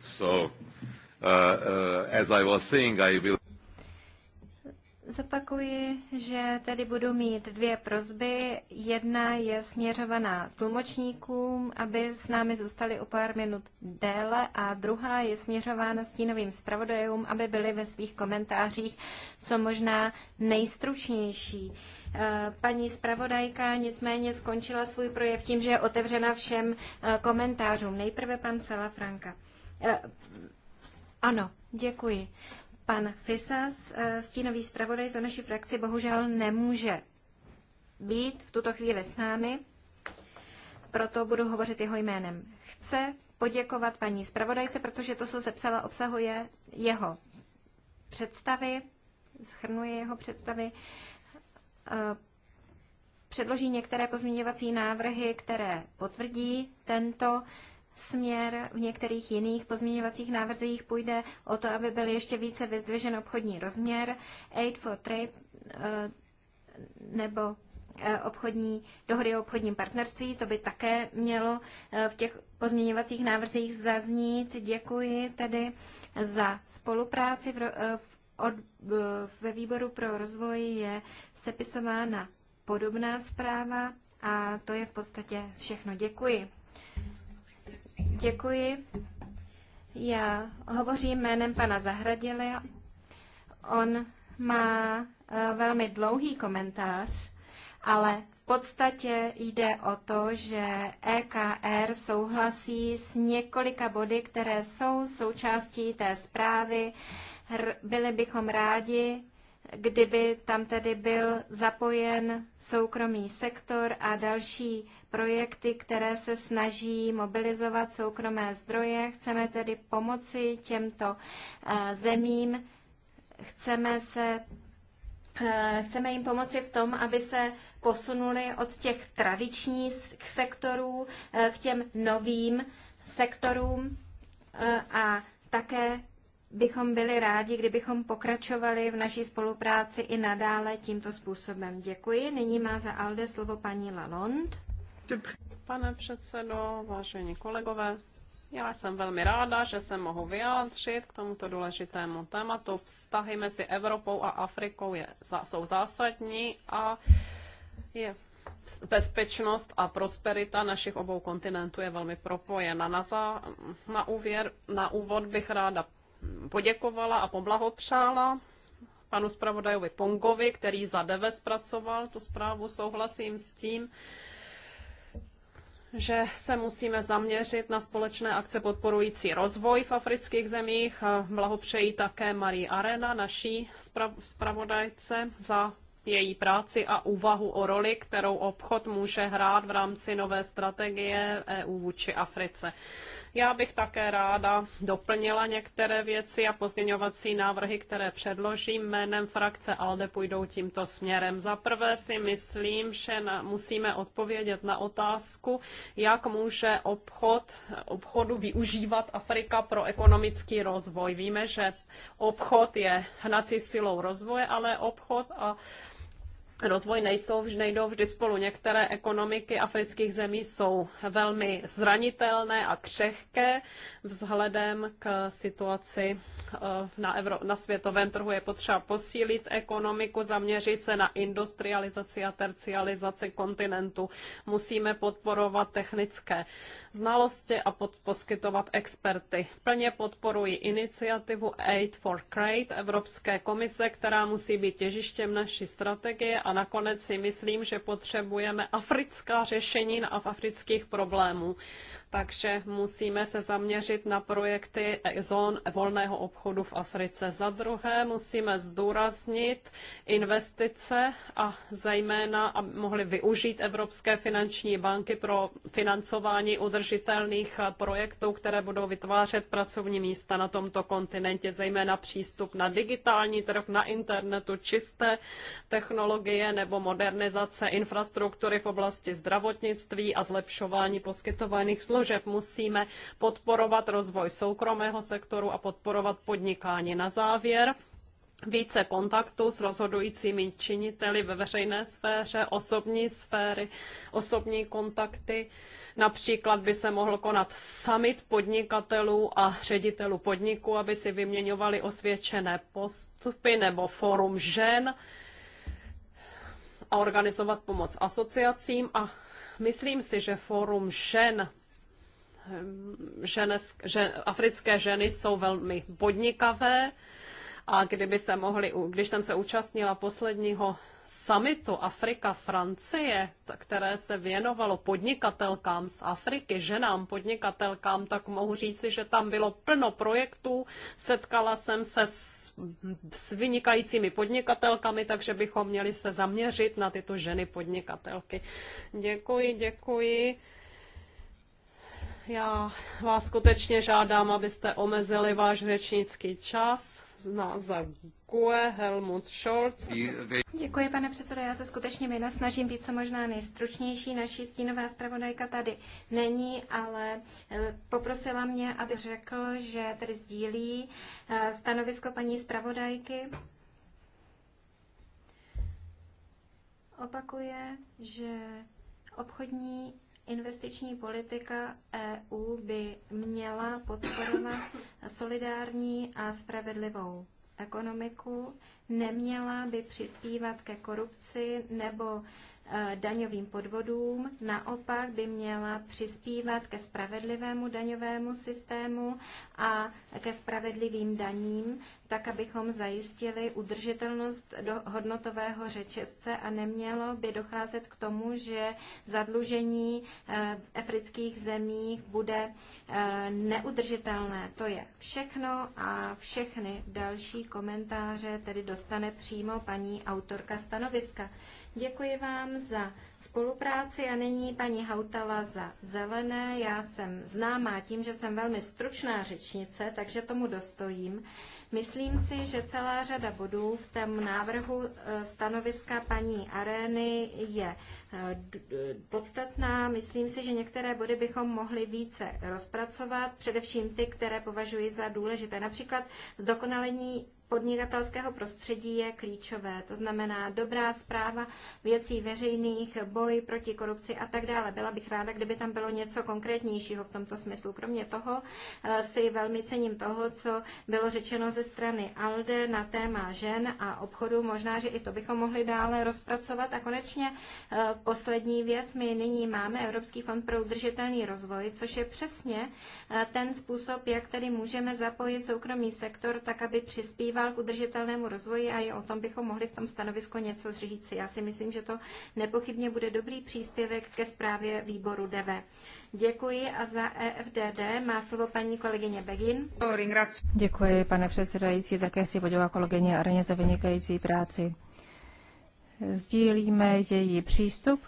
So, uh, uh, as I was saying, I will... Děkuji, že tady budu mít dvě prozby. Jedna je směřovaná tlumočníkům, aby s námi zůstali o pár minut déle a druhá je směřována stínovým zpravodajům, aby byli ve svých komentářích co možná nejstručnější. Eh, paní zpravodajka nicméně skončila svůj projev tím, že je otevřena všem eh, komentářům. Nejprve pan Sala Franka. Eh, ano, děkuji. Pan Fisas, eh, stínový zpravodaj za naši frakci, bohužel nemůže být v tuto chvíli s námi, proto budu hovořit jeho jménem. Chce poděkovat paní zpravodajce, protože to, co psala, obsahuje jeho představy, schrnuje jeho představy, eh, předloží některé pozměňovací návrhy, které potvrdí tento směr. V některých jiných pozměňovacích návrzích půjde o to, aby byl ještě více vyzdvižen obchodní rozměr. Aid for Trade eh, nebo eh, obchodní, dohody o obchodním partnerství, to by také mělo eh, v těch pozměňovacích návrzích zaznít. Děkuji tedy za spolupráci v, v, od, ve výboru pro rozvoj je sepisována podobná zpráva a to je v podstatě všechno. Děkuji. Děkuji. Já hovořím jménem pana Zahradila. On má eh, velmi dlouhý komentář, ale v podstatě jde o to, že EKR souhlasí s několika body, které jsou součástí té zprávy. Byli bychom rádi, kdyby tam tedy byl zapojen soukromý sektor a další projekty, které se snaží mobilizovat soukromé zdroje. Chceme tedy pomoci těmto eh, zemím, chceme se eh, Chceme jim pomoci v tom, aby se posunuli od těch tradičních sektorů eh, k těm novým sektorům a také bychom byli rádi, kdybychom pokračovali v naší spolupráci i nadále tímto způsobem. Děkuji. Nyní má za ALDE slovo paní Lalond. Pane předsedo, vážení kolegové, já jsem velmi ráda, že se mohu vyjádřit k tomuto důležitému tématu. Vztahy mezi Evropou a Afrikou je, jsou zásadní a je bezpečnost a prosperita našich obou kontinentů je velmi propojena. Na, za, na, úvěr, na úvod bych ráda poděkovala a poblahopřála panu zpravodajovi Pongovi, který za deve zpracoval tu zprávu. Souhlasím s tím, že se musíme zaměřit na společné akce podporující rozvoj v afrických zemích. Blahopřeji také Marie Arena, naší zpravodajce, za její práci a úvahu o roli, kterou obchod může hrát v rámci nové strategie EU vůči Africe. Já bych také ráda doplnila některé věci a pozměňovací návrhy, které předložím jménem frakce ALDE, půjdou tímto směrem. Za prvé si myslím, že na, musíme odpovědět na otázku, jak může obchod, obchodu využívat Afrika pro ekonomický rozvoj. Víme, že obchod je hnací silou rozvoje, ale obchod a rozvoj nejsou, nejdou vždy spolu. Některé ekonomiky afrických zemí jsou velmi zranitelné a křehké vzhledem k situaci eh, na, Evro- na světovém trhu. Je potřeba posílit ekonomiku, zaměřit se na industrializaci a tercializaci kontinentu. Musíme podporovat technické znalosti a pod- poskytovat experty. Plně podporuji iniciativu Aid for Crate Evropské komise, která musí být těžištěm naší strategie a nakonec si myslím, že potřebujeme africká řešení na afrických problémů takže musíme se zaměřit na projekty zón volného obchodu v Africe. Za druhé musíme zdůraznit investice a zejména, aby mohli využít Evropské finanční banky pro financování udržitelných projektů, které budou vytvářet pracovní místa na tomto kontinentě, zejména přístup na digitální trh, na internetu, čisté technologie nebo modernizace infrastruktury v oblasti zdravotnictví a zlepšování poskytovaných služeb služeb. Musíme podporovat rozvoj soukromého sektoru a podporovat podnikání. Na závěr více kontaktu s rozhodujícími činiteli ve veřejné sféře, osobní sféry, osobní kontakty. Například by se mohl konat summit podnikatelů a ředitelů podniku, aby si vyměňovali osvědčené postupy nebo forum žen a organizovat pomoc asociacím. A myslím si, že forum žen ženes, že, africké ženy jsou velmi podnikavé a kdyby se mohli, když jsem se účastnila posledního summitu Afrika Francie, které se věnovalo podnikatelkám z Afriky, ženám podnikatelkám, tak mohu říci, že tam bylo plno projektů. Setkala jsem se s, s vynikajícími podnikatelkami, takže bychom měli se zaměřit na tyto ženy podnikatelky. Děkuji, děkuji já vás skutečně žádám, abyste omezili váš řečnický čas. na za GUE Helmut Scholz. Děkuji, pane předsedo. Já se skutečně vynasnažím být co možná nejstručnější. Naší stínová zpravodajka tady není, ale eh, poprosila mě, aby řekl, že tedy sdílí eh, stanovisko paní zpravodajky. Opakuje, že obchodní Investiční politika EU by měla podporovat solidární a spravedlivou ekonomiku, neměla by přispívat ke korupci nebo Eh, daňovým podvodům, naopak by měla přispívat ke spravedlivému daňovému systému a ke spravedlivým daním, tak abychom zajistili udržitelnost do hodnotového řečesce a nemělo by docházet k tomu, že zadlužení v eh, afrických zemích bude eh, neudržitelné. To je všechno a všechny další komentáře tedy dostane přímo paní autorka stanoviska. Děkuji vám za spolupráci a nyní paní Hautala za zelené. Já jsem známá tím, že jsem velmi stručná řečnice, takže tomu dostojím. Myslím si, že celá řada bodů v tom návrhu eh, stanoviska paní Arény je eh, podstatná. Myslím si, že některé body bychom mohli více rozpracovat, především ty, které považuji za důležité. Například zdokonalení podnikatelského prostředí je klíčové. To znamená dobrá zpráva věcí veřejných, boj proti korupci a tak dále. Byla bych ráda, kdyby tam bylo něco konkrétnějšího v tomto smyslu. Kromě toho eh, si velmi cením toho, co bylo řečeno ze strany ALDE na téma žen a obchodu. Možná, že i to bychom mohli dále rozpracovat. A konečně eh, poslední věc. My nyní máme Evropský fond pro udržitelný rozvoj, což je přesně eh, ten způsob, jak tedy můžeme zapojit soukromý sektor, tak aby přispíval vyzýval k udržitelnému rozvoji a i o tom bychom mohli v tom stanovisku něco zříci. Já si myslím, že to nepochybně bude dobrý příspěvek ke zprávě výboru DV. Děkuji a za EFDD má slovo paní kolegyně Begin. Děkuji, pane předsedající, také si podělá kolegyně Areně za vynikající práci. Sdílíme její přístup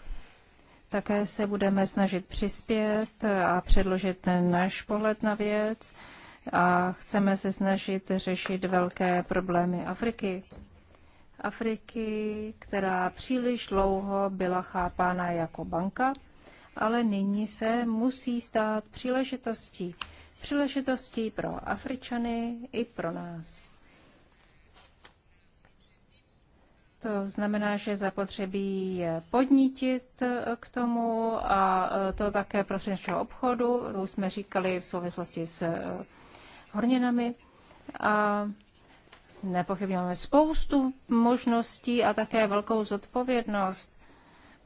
také se budeme snažit přispět a předložit náš pohled na věc a chceme se snažit řešit velké problémy Afriky. Afriky, která příliš dlouho byla chápána jako banka, ale nyní se musí stát příležitostí. Příležitostí pro Afričany i pro nás. To znamená, že zapotřebí je podnítit k tomu a to také prostřednictvím obchodu. To jsme říkali v souvislosti s eh, horninami. A nepochybně máme spoustu možností a také velkou zodpovědnost.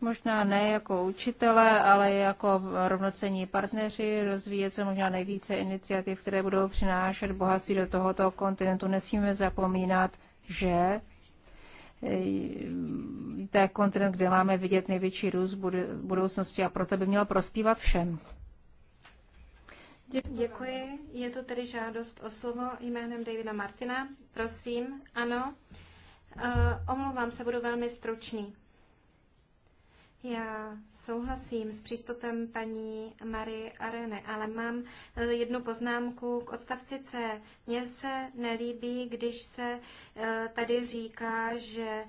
Možná ne jako učitele, ale jako rovnocení partneři rozvíjet se možná nejvíce iniciativ, které budou přinášet bohatství do tohoto kontinentu. Nesmíme zapomínat, že e, to je kontinent, kde máme vidět největší růst budoucnosti a proto by měl prospívat všem. Děkuji. Je to tedy žádost o slovo jménem Davida Martina. Prosím, ano. Eh, omlouvám se, budu velmi stručný. Já souhlasím s přístupem paní Marie Arene, ale mám eh, jednu poznámku k odstavci C. Mně se nelíbí, když se eh, tady říká, že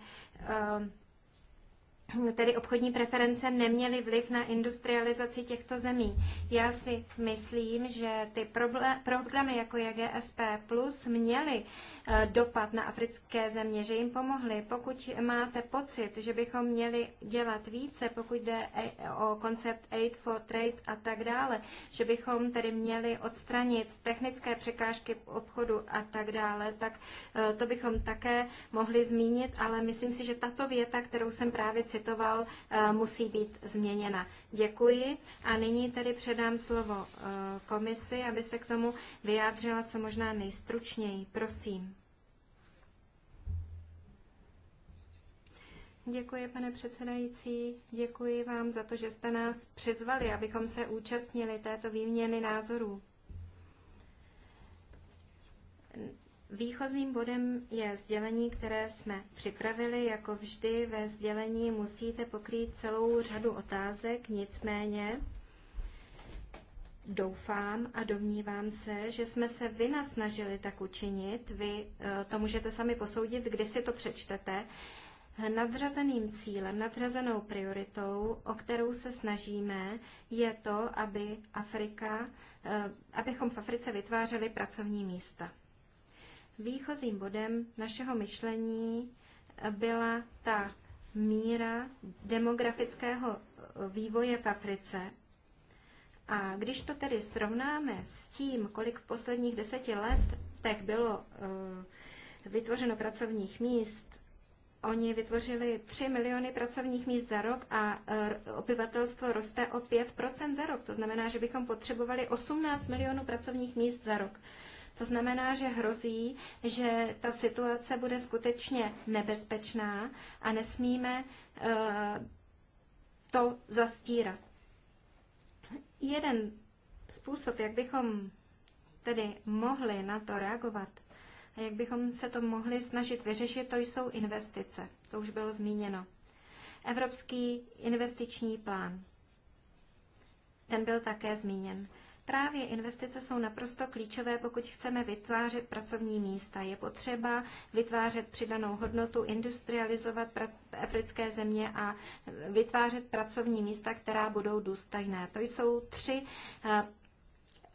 tedy obchodní preference neměly vliv na industrializaci těchto zemí. Já si myslím, že ty programy jako je GSP Plus měly eh, dopad na africké země, že jim pomohly. Pokud máte pocit, že bychom měli dělat více, pokud jde e- o koncept Aid for Trade a tak dále, že bychom tedy měli odstranit technické překážky obchodu a tak dále, tak eh, to bychom také mohli zmínit, ale myslím si, že tato věta, kterou jsem právě citovala, citoval, eh, musí být změněna. Děkuji a nyní tedy předám slovo eh, komisi, aby se k tomu vyjádřila co možná nejstručněji. Prosím. Děkuji, pane předsedající. Děkuji vám za to, že jste nás přizvali, abychom se účastnili této výměny názorů. Výchozím bodem je sdělení, které jsme připravili. Jako vždy ve sdělení musíte pokrýt celou řadu otázek, nicméně doufám a domnívám se, že jsme se nasnažili tak učinit. Vy eh, to můžete sami posoudit, kdy si to přečtete. Nadřazeným cílem, nadřazenou prioritou, o kterou se snažíme, je to, aby Afrika, eh, abychom v Africe vytvářeli pracovní místa. Výchozím bodem našeho myšlení byla ta míra demografického eh, vývoje v Africe. A když to tedy srovnáme s tím, kolik v posledních deseti letech bylo eh, vytvořeno pracovních míst, oni vytvořili 3 miliony pracovních míst za rok a eh, obyvatelstvo roste o 5 za rok. To znamená, že bychom potřebovali 18 milionů pracovních míst za rok. To znamená, že hrozí, že ta situace bude skutečně nebezpečná a nesmíme eh, to zastírat. Jeden způsob, jak bychom tedy mohli na to reagovat a jak bychom se to mohli snažit vyřešit, to jsou investice. To už bylo zmíněno. Evropský investiční plán. Ten byl také zmíněn. Právě investice jsou naprosto klíčové, pokud chceme vytvářet pracovní místa. Je potřeba vytvářet přidanou hodnotu, industrializovat africké země a vytvářet pracovní místa, která budou důstojné. To jsou tři eh,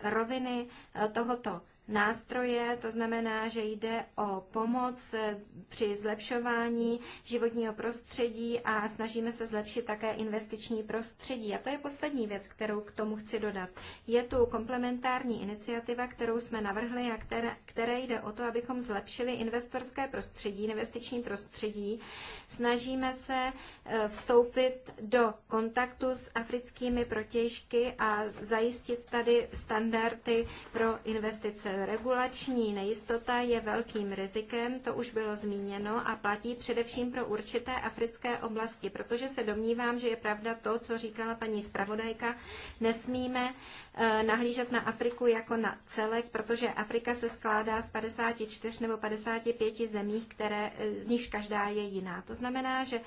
roviny eh, tohoto nástroje, to znamená, že jde o pomoc eh, při zlepšování životního prostředí a snažíme se zlepšit také investiční prostředí. A to je poslední věc, kterou k tomu chci dodat. Je tu komplementární iniciativa, kterou jsme navrhli a které, které jde o to, abychom zlepšili investorské prostředí, investiční prostředí. Snažíme se eh, vstoupit do kontaktu s africkými protějšky a zajistit tady standardy pro investice regulační nejistota je velkým rizikem, to už bylo zmíněno a platí především pro určité africké oblasti, protože se domnívám, že je pravda to, co říkala paní zpravodajka, nesmíme eh, nahlížet na Afriku jako na celek, protože Afrika se skládá z 54 nebo 55 zemí, které, eh, z nichž každá je jiná. To znamená, že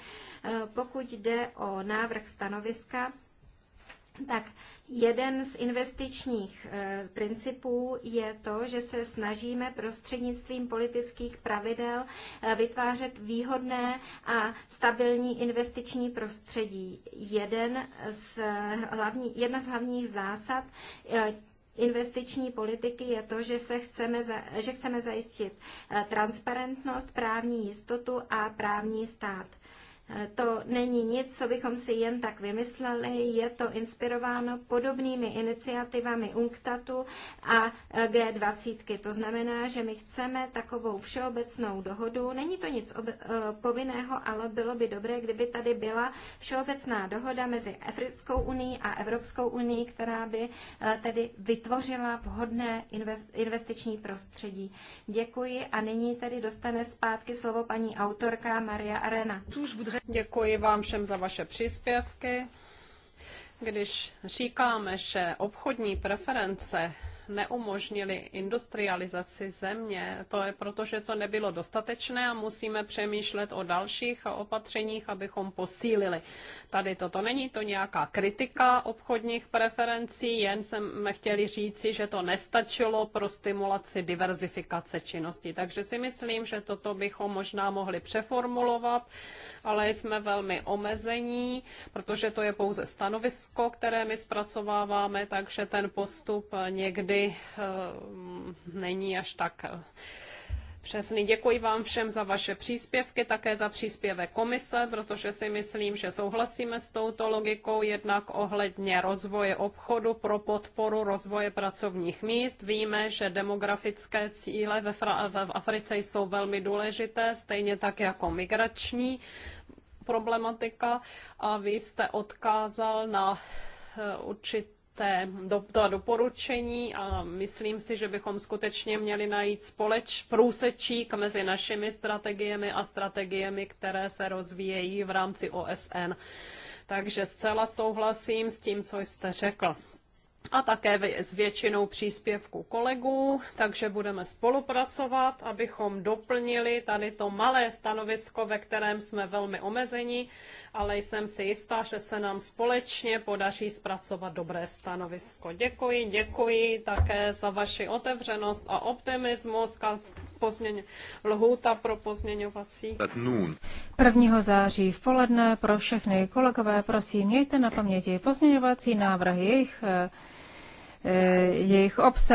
eh, pokud jde o návrh stanoviska, tak jeden z investičních e, principů je to, že se snažíme prostřednictvím politických pravidel e, vytvářet výhodné a stabilní investiční prostředí. Jeden z hlavní, jedna z hlavních zásad e, investiční politiky je to, že, se chceme, že chceme zajistit transparentnost, právní jistotu a právní stát. To není nic, co bychom si jen tak vymysleli, je to inspirováno podobnými iniciativami UNCTATu a e, G20. To znamená, že my chceme takovou všeobecnou dohodu. Není to nic e, povinného, ale bylo by dobré, kdyby tady byla všeobecná dohoda mezi Africkou unii a Evropskou unii, která by e, tedy vytvořila vhodné investiční prostředí. Děkuji a nyní tedy dostane zpátky slovo paní autorka Maria Arena. Děkuji vám všem za vaše příspěvky. Když říkáme, že obchodní preference neumožnili industrializaci země, to je proto, že to nebylo dostatečné a musíme přemýšlet o dalších opatřeních, abychom posílili tady toto. Není to nějaká kritika obchodních preferencí, jen jsme chtěli říci, že to nestačilo pro stimulaci diverzifikace činnosti. Takže si myslím, že toto bychom možná mohli přeformulovat, ale jsme velmi omezení, protože to je pouze stanovisko, které my zpracováváme, takže ten postup někdy tedy eh, není až tak eh, Přesně. Děkuji vám všem za vaše příspěvky, také za příspěvek komise, protože si myslím, že souhlasíme s touto logikou jednak ohledně rozvoje obchodu pro podporu rozvoje pracovních míst. Víme, že demografické cíle ve, v Africe jsou velmi důležité, stejně tak jako migrační problematika. A vy jste odkázal na eh, určitě té, do, to doporučení a myslím si, že bychom skutečně měli najít společ průsečík mezi našimi strategiemi a strategiemi, které se rozvíjejí v rámci OSN. Takže zcela souhlasím s tím, co jste řekl a také s většinou příspěvku kolegů, takže budeme spolupracovat, abychom doplnili tady to malé stanovisko, ve kterém jsme velmi omezeni, ale jsem si jistá, že se nám společně podaří zpracovat dobré stanovisko. Děkuji, děkuji také za vaši otevřenost a optimismus pozměň, lhůta pro pozměňovací. 1. září v poledne pro všechny kolegové, prosím, mějte na paměti pozměňovací návrhy, jejich, eh, eh, jejich obsah.